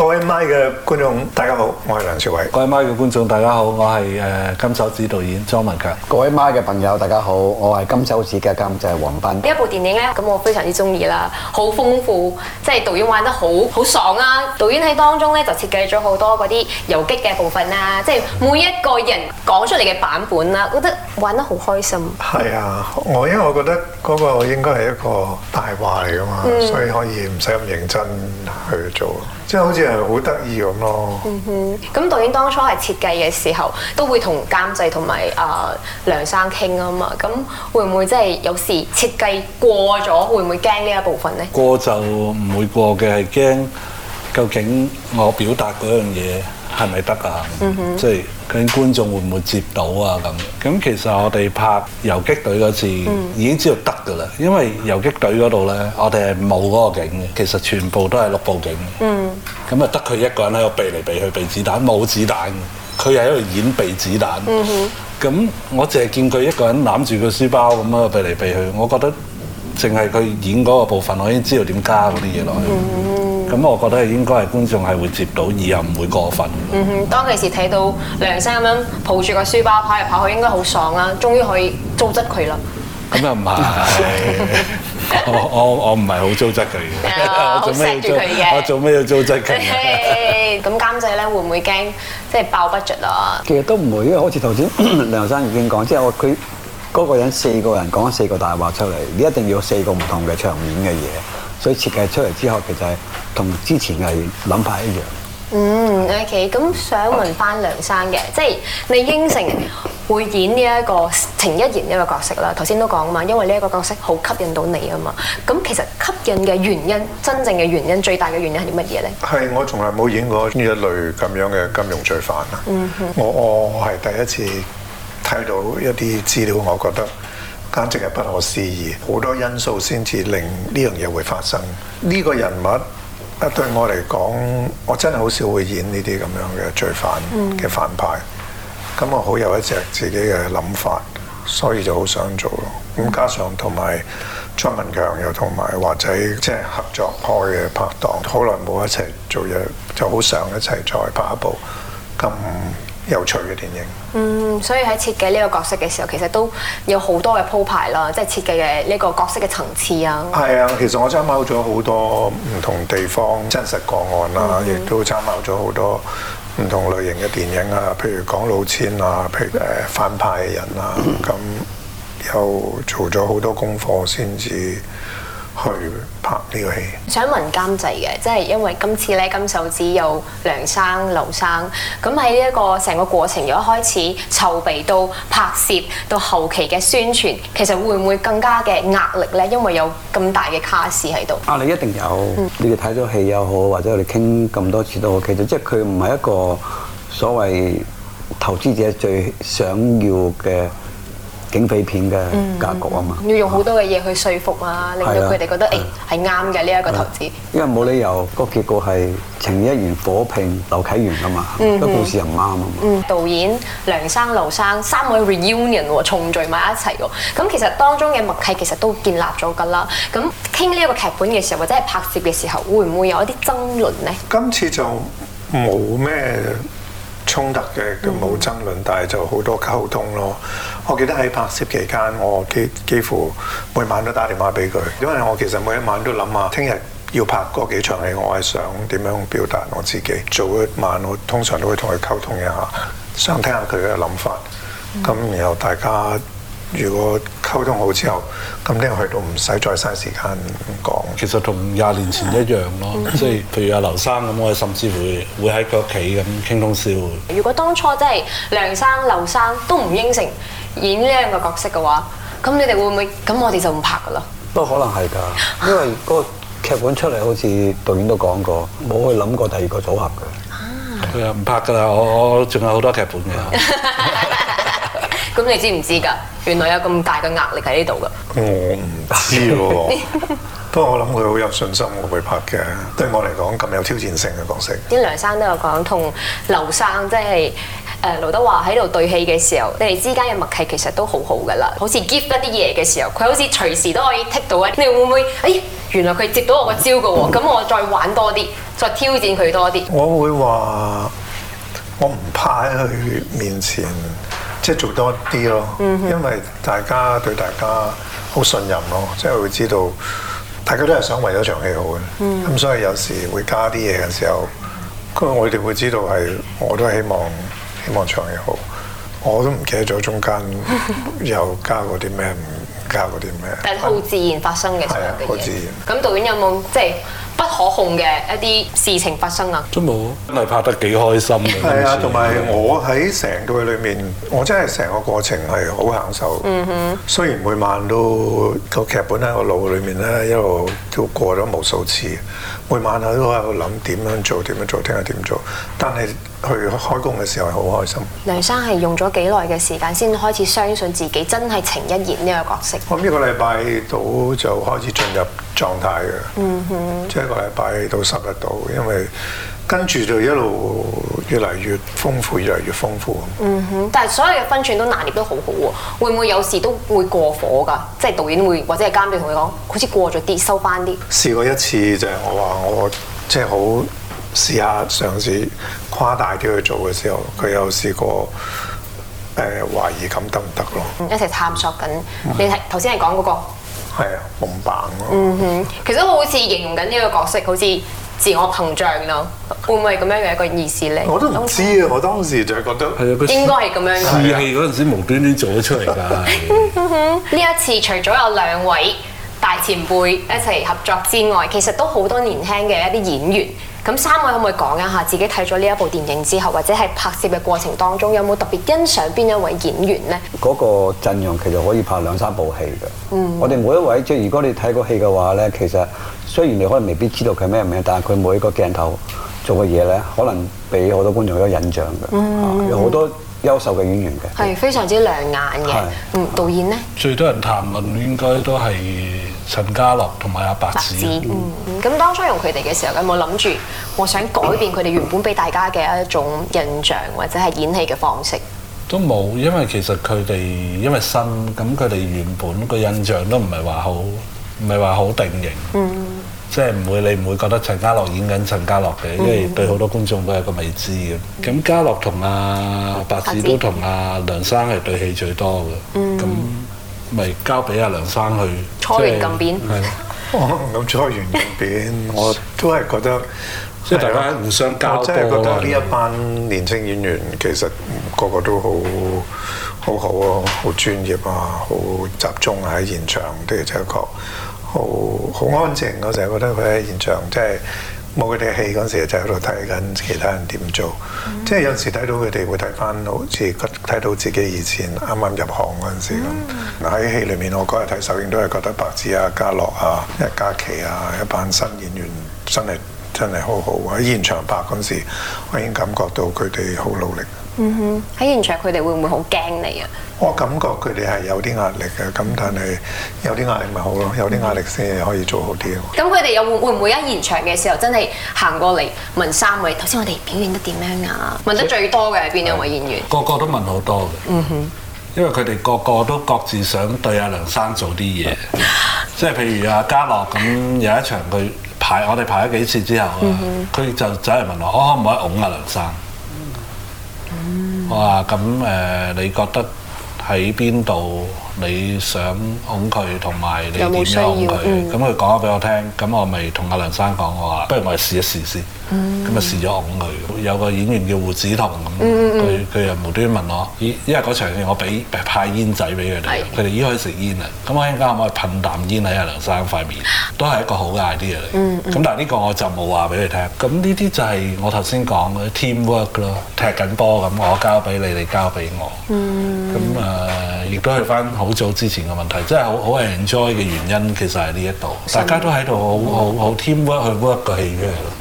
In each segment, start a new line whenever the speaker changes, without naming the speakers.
各位
MY 嘅觀眾，大家好，我係梁朝偉。各位 MY 嘅觀眾，大家好，我係誒金手指導
演莊文強。各位 MY 嘅朋友，大家好，我係金手指嘅監製黃斌。呢一
部電影咧，咁我非常之中意啦，好豐富，即係導演玩得好，好爽啊！導演喺當中咧就設計咗好多啲遊擊嘅部分啦，即係每一個人講出嚟嘅版本啦，覺得玩得好開心。係
啊，我因為我覺得個應該係一個大話嚟噶嘛，嗯、所以可以唔使咁認真去做，即係好似、嗯。好得意咁
咯。咁、 嗯、導演當初係設計嘅時候，都會同監製同埋啊梁生傾啊嘛。咁會唔會即係有時設計過咗，會唔會驚呢一部分呢？
過就唔會過嘅，係驚究竟我表達嗰樣嘢係咪得啊？嗯、哼即係究竟觀眾會唔會接到啊？咁咁其實我哋拍《遊擊隊》嗰次、嗯、已經知道得噶啦，因為《遊擊隊》嗰度呢，我哋係冇嗰個景嘅，其實全部都係綠布景，嗯。咁啊，得佢一個人喺度避嚟避去避子彈，冇子彈佢又喺度演避子彈。咁、mm hmm. 我淨係見佢一個人攬住個書包咁樣避嚟避去，我覺得淨係佢演嗰個部分，我已經知道點加嗰啲嘢落去。咁、mm hmm. 我覺得應該係觀眾係會接到，而又唔會過分。嗯、
mm hmm. 當其時睇到梁生咁樣抱住個書包跑嚟跑去，應該好爽啦！終於可以糟質佢啦。
咁又唔係。我我唔係好糟質
佢嘅，我做咩要糟質佢嘅？
我做咩要糟質
佢？咁監製咧，會唔會驚即係爆不着
啊？其實都唔會，因為好似頭先
梁生已經講，即係我佢嗰個人四個人講四個大話出嚟，你一定要有四個唔同嘅場面嘅嘢，所以設計出嚟之後，其實係同之前嘅諗法一樣。
嗯 ，OK，咁想問翻梁生嘅， 即係你應承。會演呢一個程一言一個角色啦，頭先都講啊嘛，因為呢一個角色好吸引到你啊嘛。咁其實吸引嘅原因，真正嘅原因，最大嘅原因係啲乜嘢呢？
係我從來冇演過呢一類咁樣嘅金融罪犯啊。mm hmm. 我我係第一次睇到一啲資料，我覺得簡直係不可思議。好多因素先至令呢樣嘢會發生。呢、這個人物啊，對我嚟講，我真係好少會演呢啲咁樣嘅罪犯嘅反派。Mm hmm. 咁我好有一隻自己嘅諗法，所以就好想做咯。咁加上同埋莊文強又同埋華仔即係合作開嘅拍檔，好耐冇一齊做嘢，就好想一齊再拍一部咁有趣嘅電影。
嗯，所以喺設計呢個角色嘅時候，其實都有好多嘅鋪排啦，即係設計嘅呢個角色嘅層次啊。係啊、嗯，
其實，嗯、其實我參考咗好多唔同地方真實個案啦，亦都參考咗好多。唔同類型嘅電影啊，譬如講老千啊，譬如誒，反派嘅人啊，咁又做咗好多功課先至。去拍
呢個戲，想問監製嘅，即係因為今次咧金手指有梁生、劉生，咁喺呢一個成個過程，由開始籌備到拍攝到後期嘅宣傳，其實會唔會更加嘅壓力咧？因為有咁大嘅卡士喺度，壓
力、啊、你一定有。嗯、你哋睇咗戲又好，或者我哋傾咁多次都好。其實，即係佢唔係一個所謂投資者最想要嘅。警匪片嘅格局啊嘛、嗯嗯嗯，要
用好多嘅嘢去説服啊，令到佢哋覺得誒係啱嘅呢一個投資。因
為冇理由、那個結局係程一言火拼劉啟源啊嘛，嗯嗯、個故事又唔啱啊嘛。嗯嗯、
導演梁生、劉生三位 reunion 重聚埋一齊喎，咁其實當中嘅默契其實都建立咗㗎啦。咁傾呢一個劇本嘅時候，或者係拍攝嘅時候，會唔會有一啲爭論呢？今
次就冇咩嘅都冇爭論，但係就好多溝通咯。我記得喺拍攝期間，我幾幾乎每晚都打電話俾佢，因為我其實每一晚都諗下，聽日要拍嗰幾場戲，我係想點樣表達我自己。早一晚我通常都會同佢溝通一下，想聽下佢嘅諗法。咁、嗯、然後大家。如果溝通好之後，咁咧去到唔使再嘥時間講。其實同廿年前一樣咯，即係 譬如阿劉生咁，我甚至會
會喺佢屋企咁傾通宵。
如果當初真係梁生、劉生都唔應承演呢兩個角色嘅話，咁你哋會唔會？咁我哋就唔拍噶啦。
不過可能係㗎，
因為個劇本出嚟，好似導演都講過，冇去諗過第二個組合㗎。佢
又
唔拍㗎啦，我我仲有好多劇本㗎。
咁你知唔知噶？原來有咁大嘅壓力喺呢度噶。
我唔知喎，不過 我諗佢好有信心會拍嘅。對我嚟講，咁有挑戰性嘅角色。
啲梁生都有講，同劉生即係誒、呃、劉德華喺度對戲嘅時候，你哋之間嘅默契其實都好好噶啦。好似 give 一啲嘢嘅時候，佢好似隨時都可以剔到啊。你會唔會？哎，原來佢接到我個招噶喎。咁、嗯、我再玩多啲，再挑戰佢多啲。
我會話，我唔怕喺佢面前。即係做多啲咯，mm hmm. 因為大家對大家好信任咯，即係會知道大家都係想為咗場戲好嘅，咁、mm hmm. 所以有時會加啲嘢嘅時候，咁我哋會知道係我都係希望希望場戲好，我都唔記得咗中間又加嗰啲咩，唔 加嗰啲咩，但係
好自然發生嘅、嗯，係啊的，好自然。咁導演有冇即係？就是不可控嘅一啲事情發生啊？
都冇，真係拍得幾開心嘅。係啊， 同埋我喺成個裏面，我真係成個過程係好享受。嗯哼、mm。Hmm. 雖然每晚都個劇本喺個腦裏面咧，一路都過咗無數次，每晚啊都喺度諗點樣做點樣做，聽日點做。但係去開工嘅時候係好開心。
梁生係用咗幾耐嘅時間先開始相信自己真係程一言呢個角色？
我呢個禮拜度就開始進入。狀態嘅，mm hmm. 即係一個禮拜到十日度，因為跟住就一路越嚟越豐富，越嚟越豐富。嗯哼、
mm，hmm. 但係所有嘅分寸都拿捏都好好、啊、喎，會唔會有時都會過火㗎？即、就、係、是、導演會或者係監製同佢講，mm hmm. 好似過咗啲，收翻啲。
試過一次就係、是、我話我即係好試下嘗試誇大啲去做嘅時候，佢有試過誒懷疑感得唔得咯？Mm
hmm. 一齊探索緊，你睇頭先係講嗰個、mm。Hmm. Mm
係啊，夢棒
咯。嗯哼，其實好似形容緊呢個角色，好似自我膨脹咯。會唔會係咁樣嘅一個意思咧？我都唔知
啊，我當時就係覺得係啊，應該係咁樣。試戲嗰陣時無端
端做咗出嚟
㗎。呢一 是、嗯、次除咗有兩位大前輩一齊合作之外，其實都好多年輕嘅一啲演員。咁三位可唔可以講一下自己睇咗呢一部電影之後，或者係拍攝嘅過程當中，有冇特別欣賞邊一位演員呢？
嗰個陣容其實可以拍兩三部戲嘅。嗯，我哋每一位即係如果你睇過戲嘅話咧，其實雖然你可能未必知道佢咩名，但係佢每一個鏡頭做嘅嘢咧，可能俾好多觀眾有印象嘅。嗯，啊，有好多。優秀嘅演員嘅，
係非常之亮眼嘅。嗯，導演咧，
最多人談論應該都係陳家樂同埋阿白子。嗯，
咁當初用佢哋嘅時候，有冇諗住我想改變佢哋原本俾大家嘅一種印象，或者係演戲嘅方式？
都冇，因為其實佢哋因為新，咁佢哋原本個印象都唔係話好，唔係話好定型。嗯。即係唔會，你唔會覺得陳家樂演緊陳家樂嘅，嗯、因為對好多觀眾都係一個未知嘅。咁、嗯、家樂同阿白子都同阿、啊、梁生係對戲最多嘅，咁咪、嗯、交俾阿梁生去。鋤完咁扁，係
嗯、我鋤完咁扁，我都係覺得，即係 大家互相交。我真係覺得呢一班年青演員其實個個都好，好好好啊，好專業啊，好集中喺現場，的而且確。好好安靜，我成日覺得佢喺現場，即係冇佢哋嘅戲嗰陣時，就喺度睇緊其他人點做。嗯、即係有時睇到佢哋會睇翻，好似睇到自己以前啱啱入行嗰陣時咁。嗱喺、嗯、戲裏面，我嗰日睇首映都係覺得白子啊、嘉樂啊、一加琪啊一班新演員真係真係好好。喺現場拍嗰陣時，我已經感覺到佢哋好努力。
嗯哼，喺、mm hmm. 現場佢哋會唔會好驚你啊？
我感覺佢哋係有啲壓力嘅，咁但係有啲壓力咪好咯，有啲壓力先可以做好啲。
咁佢哋有會唔會喺現場嘅時候真係行過嚟問三位？頭先我哋表演得點樣啊？問得最多嘅係邊兩位演員？個個
都問好多嘅，嗯哼、mm。Hmm. 因為佢哋個個都各自想對阿梁生做啲嘢，即係、mm hmm. 譬如阿嘉樂咁，有一場佢排我哋排咗幾次之後，佢、mm hmm. 就走嚟問我：可唔可以拱阿梁生？我話，咁誒、呃，你覺得喺邊度你想拱佢同埋你點樣拱佢？咁佢講咗俾我聽，咁、嗯、我咪同阿梁生講我話，不如我哋試一試先。咁咪、嗯、試咗拱佢。有個演員叫胡子彤，咁佢佢又無端端問我，依因為嗰場我俾派煙仔俾佢哋，佢哋已經可以食煙啊。咁我依家可唔可以噴啖煙喺阿梁生塊面？都係一個好嘅 idea 嚟、嗯，咁、嗯、但係呢個我就冇話俾你聽。咁呢啲就係我頭先講嘅 teamwork 咯，踢緊波咁，我交俾你，你交俾我。咁誒、嗯。亦都係翻好早之前嘅問題，真係好好 enjoy 嘅原因，其實係呢一度，大家都喺度好好好 teamwork 去 work 個戲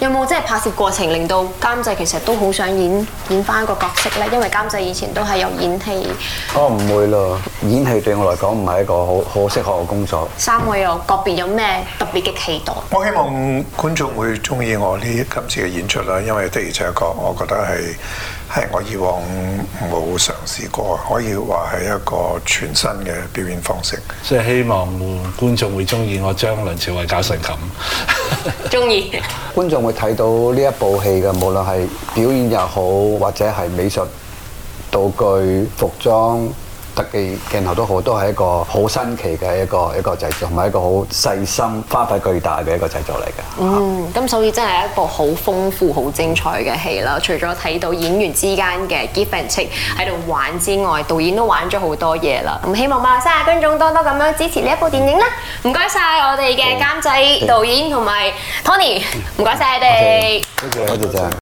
嘅。
有冇即係拍攝過程令到監製其實都好想演演翻個角色咧？因為監製以前都係有演戲。
哦，唔
會
咯，演戲對我嚟講唔係一個好好適合我嘅工作。
三位有各別、嗯、有咩特別嘅期待？我希望
觀眾會中意我呢今次嘅演出啦，因為的而且確，我覺得係。係，我以往冇嘗試過，可以話係一個全新嘅表演方式。
即係希望觀眾會中意我將梁朝偉搞成咁。
中 意歡
觀眾會睇到呢一部戲嘅，無論係表演又好，或者係美術、道具、服裝。特技鏡頭都好，都係一個好新奇嘅一個一個製作，同埋一個好細心、花費巨大嘅一個製作嚟嘅。
嗯，咁所以真係一部好豐富、好精彩嘅戲啦。除咗睇到演員之間嘅 give and take 喺度玩之外，導演都玩咗好多嘢啦。咁希望馬來西亞觀眾多多咁樣支持呢一部電影啦。唔該晒我哋嘅監製、好導演同埋 Tony，唔該晒你哋。
多謝多謝。